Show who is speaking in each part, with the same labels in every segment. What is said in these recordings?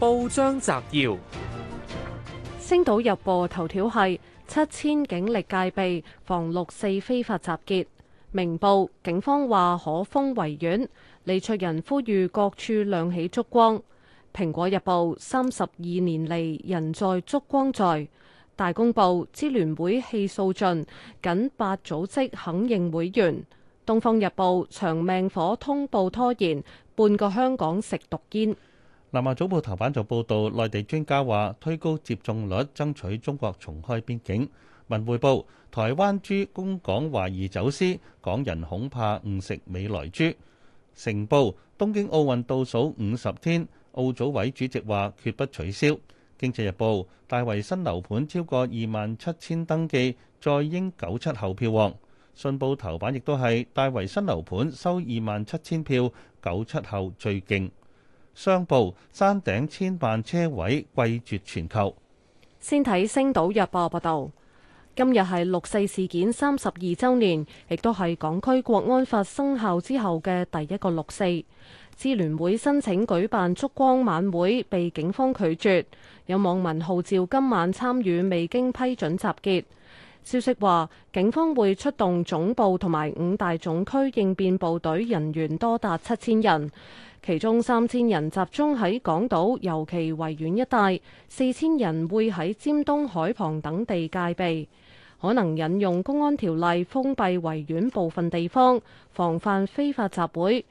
Speaker 1: 報章摘要：
Speaker 2: 《星島日報》頭條係七千警力戒備防六四非法集結，《明報》警方話可封圍院，李卓人呼籲各處亮起燭光，《蘋果日報》三十二年嚟人在燭光在，《大公報》支聯會氣數盡，僅八組織肯認會員，《東方日報》長命火通報拖延，半個香港食毒煙。
Speaker 1: 南華早報頭版就報導，內地專家話推高接種率，爭取中國重開邊境。文匯報：台灣豬供港懷疑走私，港人恐怕誤食美來豬。成報：東京奧運倒數五十天，奧組委主席話決不取消。經濟日報：大圍新樓盤超過二萬七千登記，再贏九七後票王。信報頭版亦都係大圍新樓盤收二萬七千票，九七後最勁。商報、山頂千萬車位貴絕全球。
Speaker 2: 先睇星島日報報道，今日係六四事件三十二周年，亦都係港區國安法生效之後嘅第一個六四。支聯會申請舉辦燭光晚會被警方拒絕，有網民號召今晚參與未經批准集結。消息話，警方會出動總部同埋五大總區應變部隊人員多達七千人。其中三千人集中喺港島尤其維園一帶，四千人會喺尖東海旁等地戒備，可能引用公安條例封閉維園部分地方，防範非法集會。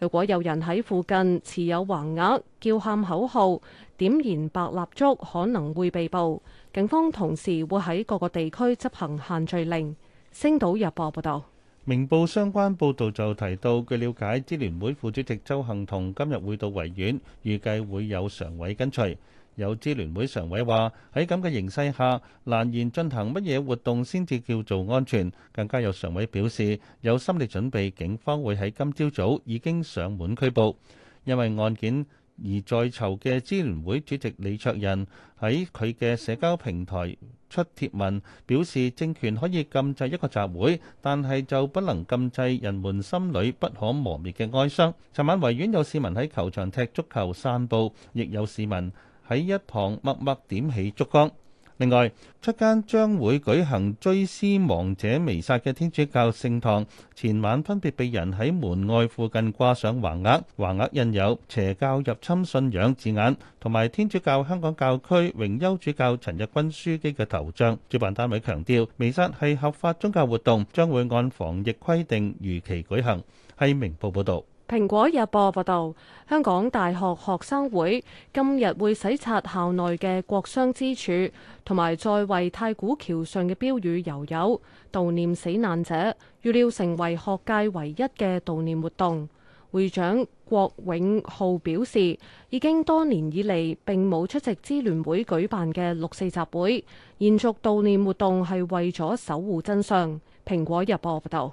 Speaker 2: 如果有人喺附近持有橫額、叫喊口號、點燃白蠟燭可能會被捕。警方同時會喺各個地區執行限聚令。星島日報報道。
Speaker 1: 明報相關報導就提到，據了解，支聯會副主席鄒幸彤今日會到維園，預計會有常委跟隨。有支聯會常委話：喺咁嘅形勢下，難言進行乜嘢活動先至叫做安全。更加有常委表示，有心理準備，警方會喺今朝早已經上門拘捕，因為案件。而在囚嘅支聯會主席李卓人喺佢嘅社交平台出帖文，表示政權可以禁制一個集會，但係就不能禁制人們心裏不可磨滅嘅哀傷。尋晚維園有市民喺球場踢足球散步，亦有市民喺一旁默默點起燭光。另外，七間將會舉行追思亡者彌撒嘅天主教聖堂，前晚分別被人喺門外附近掛上橫額，橫額印有邪教入侵信仰字眼，同埋天主教香港教區榮休主教陳日君樞機嘅頭像。主辦單位強調，彌撒係合法宗教活動，將會按防疫規定如期舉行。係明報報道。
Speaker 2: 蘋果日報報道，香港大學學生會今日會洗刷校內嘅國殤之柱，同埋再為太古橋上嘅標語油油悼念死難者，預料成為學界唯一嘅悼念活動。會長郭永浩表示，已經多年以嚟並冇出席支聯會舉辦嘅六四集會，延續悼念活動係為咗守護真相。蘋果日報報道。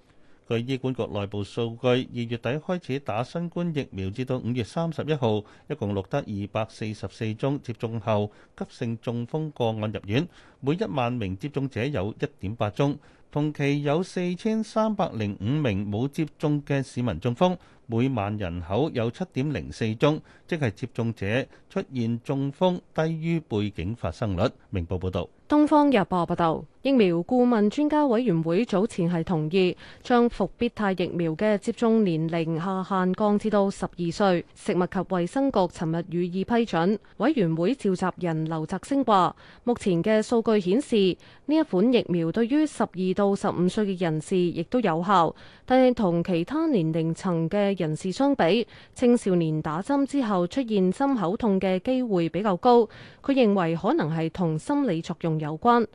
Speaker 1: 據醫管局內部數據，二月底開始打新冠疫苗至，至到五月三十一號，一共錄得二百四十四宗接種後急性中風個案入院，每一萬名接種者有一點八宗。同期有四千三百零五名冇接種嘅市民中風。每萬人口有七點零四宗，即係接種者出現中風低於背景發生率。明報報道。
Speaker 2: 東方日報報道，疫苗顧問專家委員會早前係同意將復必泰疫苗嘅接種年齡下限降至到十二歲。食物及衛生局尋日予以批准。委員會召集人劉澤星話，目前嘅數據顯示呢一款疫苗對於十二到十五歲嘅人士亦都有效，但係同其他年齡層嘅人士相比，青少年打針之後出現針口痛嘅機會比較高。佢認為可能係同心理作用有關。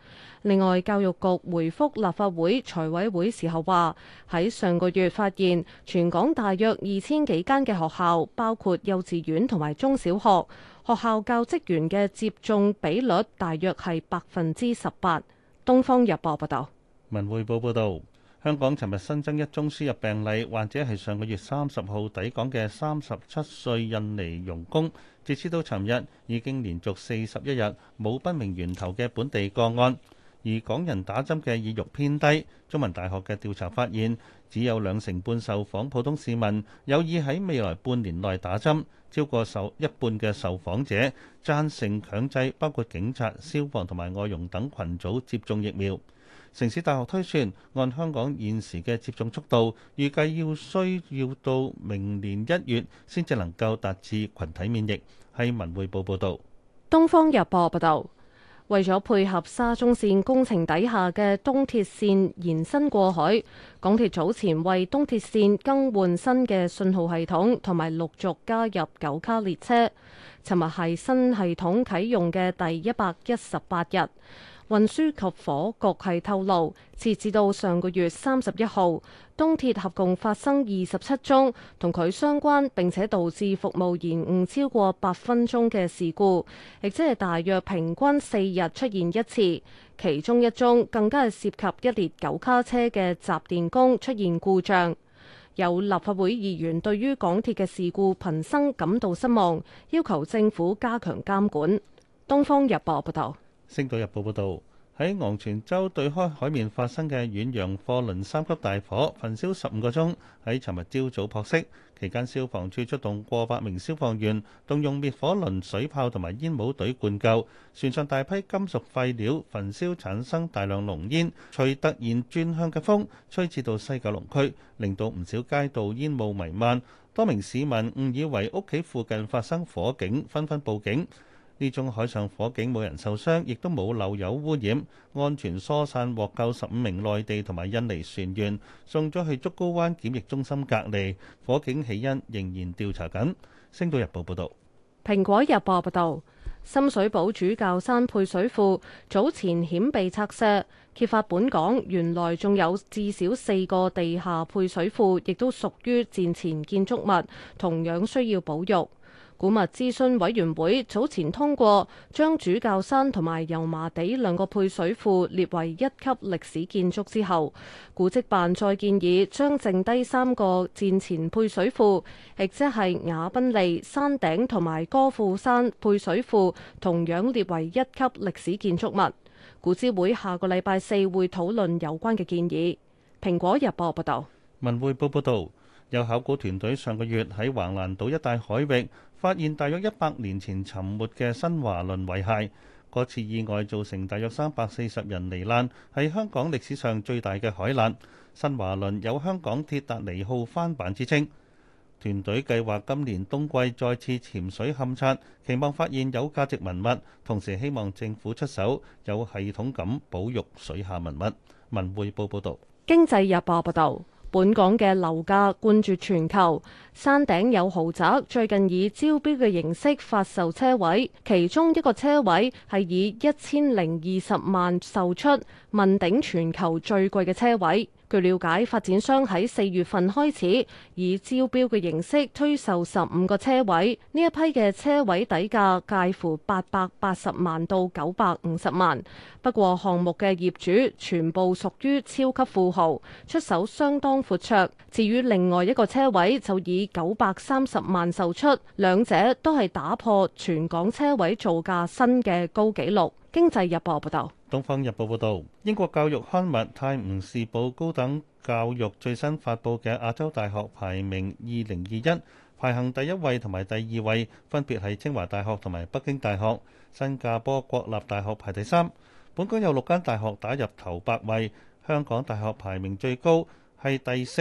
Speaker 2: 另外，教育局回覆立法會財委會時候話，喺上個月發現全港大約二千幾間嘅學校，包括幼稚園同埋中小學，學校教職員嘅接種比率大約係百分之十八。《東方日報》報道，
Speaker 1: 《文匯報》報道。香港尋日新增一宗輸入病例，患者係上個月三十號抵港嘅三十七歲印尼傭工。截至到尋日，已經連續四十一日冇不明源頭嘅本地個案。而港人打針嘅意欲偏低，中文大學嘅調查發現，只有兩成半受訪普通市民有意喺未來半年內打針。超過受一半嘅受訪者贊成強制包括警察、消防同埋外傭等群組接種疫苗。城市大學推算，按香港現時嘅接種速度，預計要需要到明年一月先至能夠達至群體免疫。係文匯報報道。
Speaker 2: 東方日報報道：「為咗配合沙中線工程底下嘅東鐵線延伸過海，港鐵早前為東鐵線更換新嘅信號系統，同埋陸續加入九卡列車。尋日係新系統啟用嘅第一百一十八日。運輸及火局係透露，截至到上個月三十一號，東鐵合共發生二十七宗同佢相關並且導致服務延誤超過八分鐘嘅事故，亦即係大約平均四日出現一次。其中一宗更加係涉及一列九卡車嘅集電弓出現故障。有立法會議員對於港鐵嘅事故頻生感到失望，要求政府加強監管。《東方日報》報道。
Speaker 1: 星島日報報導，喺昂船洲對開海面發生嘅遠洋貨輪三級大火焚燒，焚燒十五個鐘，喺尋日朝早撲熄。期間，消防處出動過百名消防員，動用滅火輪水炮同埋煙霧隊灌救。船上大批金屬廢料焚燒，產生大量濃煙，隨突然轉向嘅風，吹至到西九龍區，令到唔少街道煙霧迷漫。多名市民誤以為屋企附近發生火警，紛紛報警。呢宗海上火警冇人受傷，亦都冇漏油污染，安全疏散獲救十五名內地同埋印尼船員，送咗去竹篙灣檢疫中心隔離。火警起因仍然調查緊。星島日報報道，
Speaker 2: 蘋果日報報道，深水埗主教山配水庫早前險被拆卸，揭發本港原來仲有至少四個地下配水庫，亦都屬於戰前建築物，同樣需要保育。古物諮詢委員會早前通過將主教山同埋油麻地兩個配水庫列為一級歷史建築之後，古蹟辦再建議將剩低三個戰前配水庫，亦即係雅賓利山頂同埋歌賦山配水庫，同樣列為一級歷史建築物。古諮會下個禮拜四會討論有關嘅建議。蘋果日報報道：
Speaker 1: 文匯報報道，有考古團隊上個月喺橫瀾島一帶海域，發現大約一百年前沉沒嘅新華輪遺骸，嗰次意外造成大約三百四十人罹難，係香港歷史上最大嘅海難。新華輪有香港鐵達尼號翻版之稱。團隊計劃今年冬季再次潛水勘測，期望發現有價值文物，同時希望政府出手，有系統咁保育水下文物。文匯報報道：
Speaker 2: 經濟日報報道。本港嘅樓價冠絕全球，山頂有豪宅，最近以招標嘅形式發售車位，其中一個車位係以一千零二十萬售出，問鼎全球最貴嘅車位。據了解，發展商喺四月份開始以招標嘅形式推售十五個車位，呢一批嘅車位底價介乎八百八十萬到九百五十萬。不過項目嘅業主全部屬於超級富豪，出手相當闊綽。至於另外一個車位就以九百三十萬售出，兩者都係打破全港車位造價新嘅高紀錄。經濟日報報道，
Speaker 1: 東方日報報道，英國教育刊物《泰晤士報》高等教育最新發布嘅亞洲大學排名二零二一，排行第一位同埋第二位分別係清華大學同埋北京大學，新加坡國立大學排第三。本港有六間大學打入頭八位，香港大學排名最高係第四，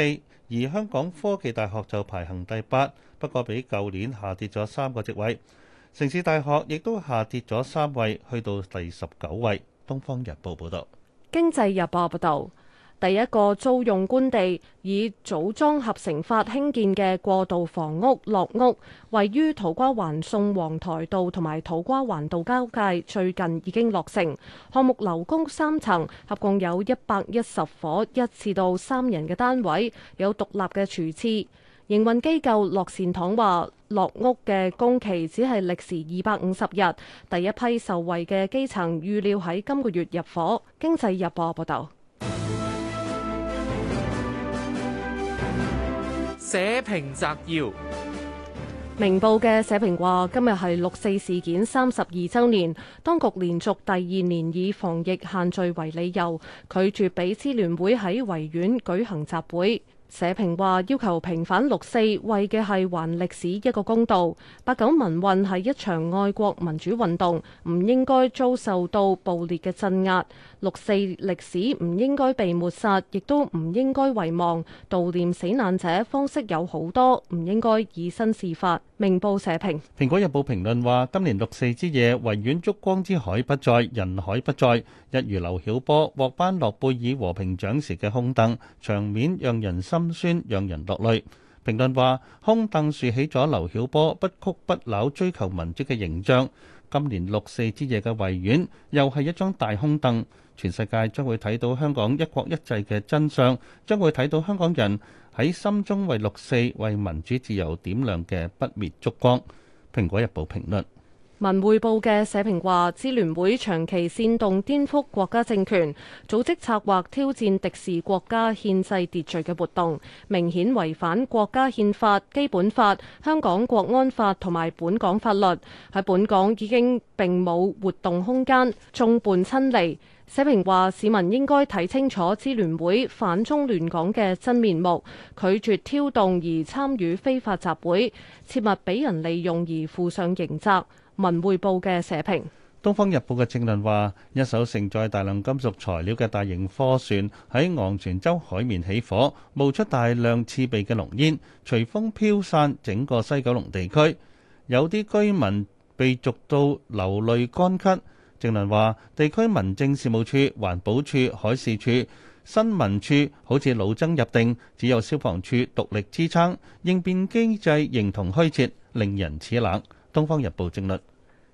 Speaker 1: 而香港科技大學就排行第八，不過比舊年下跌咗三個席位。城市大學亦都下跌咗三位，去到第十九位。《東方日報》報道：
Speaker 2: 經濟日報報道，報道第一個租用官地以組裝合成法興建嘅過渡房屋落屋，位於土瓜灣宋皇台道同埋土瓜灣道交界，最近已經落成。項目樓高三層，合共有一百一十伙一次到三人嘅單位，有獨立嘅廚廁。營運機構樂善堂話，落屋嘅工期只係歷時二百五十日，第一批受惠嘅基層預料喺今個月入伙。經濟日報報道。社
Speaker 1: 評摘要：
Speaker 2: 明報嘅社評話，今日係六四事件三十二周年，當局連續第二年以防疫限聚為理由，拒絕俾支聯會喺維園舉行集會。社評話要求平反六四，為嘅係還歷史一個公道。八九民運係一場愛國民主運動，唔應該遭受到暴烈嘅鎮壓。六四歷史唔應該被抹殺，亦都唔應該遺忘。悼念死難者方式有好多，唔應該以身試法。明報社評。
Speaker 1: 《蘋果日報》評論話：今年六四之夜，維園燭光之海不在，人海不在。一如劉曉波獲頒諾貝爾和平獎時嘅空凳，場面讓人心酸，讓人落淚。評論話：空凳樹起咗劉曉波不屈不撓追求民主嘅形象。今年六四之夜嘅維園，又係一張大空凳。全世界將會睇到香港一國一制嘅真相，將會睇到香港人喺心中為六四、為民主自由點亮嘅不滅燭光。《蘋果日報》評論。
Speaker 2: 文匯報嘅社評話，支聯會長期煽動顛覆國家政權，組織策劃挑戰敵視國家憲制秩序嘅活動，明顯違反國家憲法、基本法、香港國安法同埋本港法律，喺本港已經並冇活動空間，眾叛親離。社評話，市民應該睇清楚支聯會反中亂港嘅真面目，拒絕挑動而參與非法集會，切勿俾人利用而負上刑責。文匯報嘅社評，
Speaker 1: 東方日報嘅正論話：一艘承載大量金屬材料嘅大型貨船喺昂船洲海面起火，冒出大量刺鼻嘅濃煙，隨風飄散整個西九龍地區，有啲居民被逐到流淚乾咳。正論話，地區民政事務處、環保處、海事處、新聞處好似老僧入定，只有消防處獨立支撐，應變機制形同虛設，令人齒冷。《東方日報》政律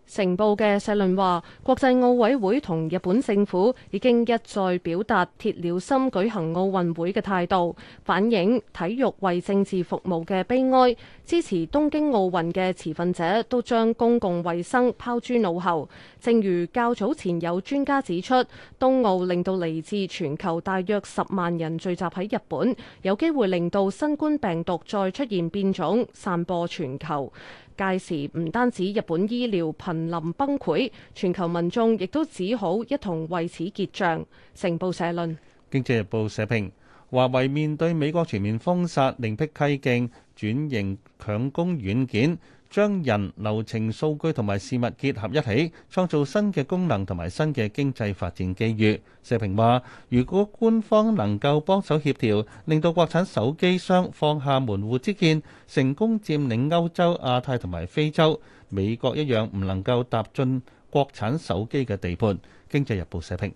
Speaker 2: 成報嘅社論話：國際奧委會同日本政府已經一再表達鐵了心舉行奧運會嘅態度，反映體育為政治服務嘅悲哀。支持東京奧運嘅持份者都將公共衞生拋諸腦後。正如較早前有專家指出，東奧令到嚟自全球大約十萬人聚集喺日本，有機會令到新冠病毒再出現變種，散播全球。屆時唔單止日本醫療瀕臨崩潰，全球民眾亦都只好一同為此結賬。《成報》社論，
Speaker 1: 《經濟日報》社評：華為面對美國全面封殺，另闢蹊徑轉型強攻軟件。將人、流程、數據同埋事物結合一起，創造新嘅功能同埋新嘅經濟發展機遇。社評話：如果官方能夠幫手協調，令到國產手機商放下門戶之見，成功佔領歐洲、亞太同埋非洲，美國一樣，唔能夠踏進國產手機嘅地盤。經濟日報社評。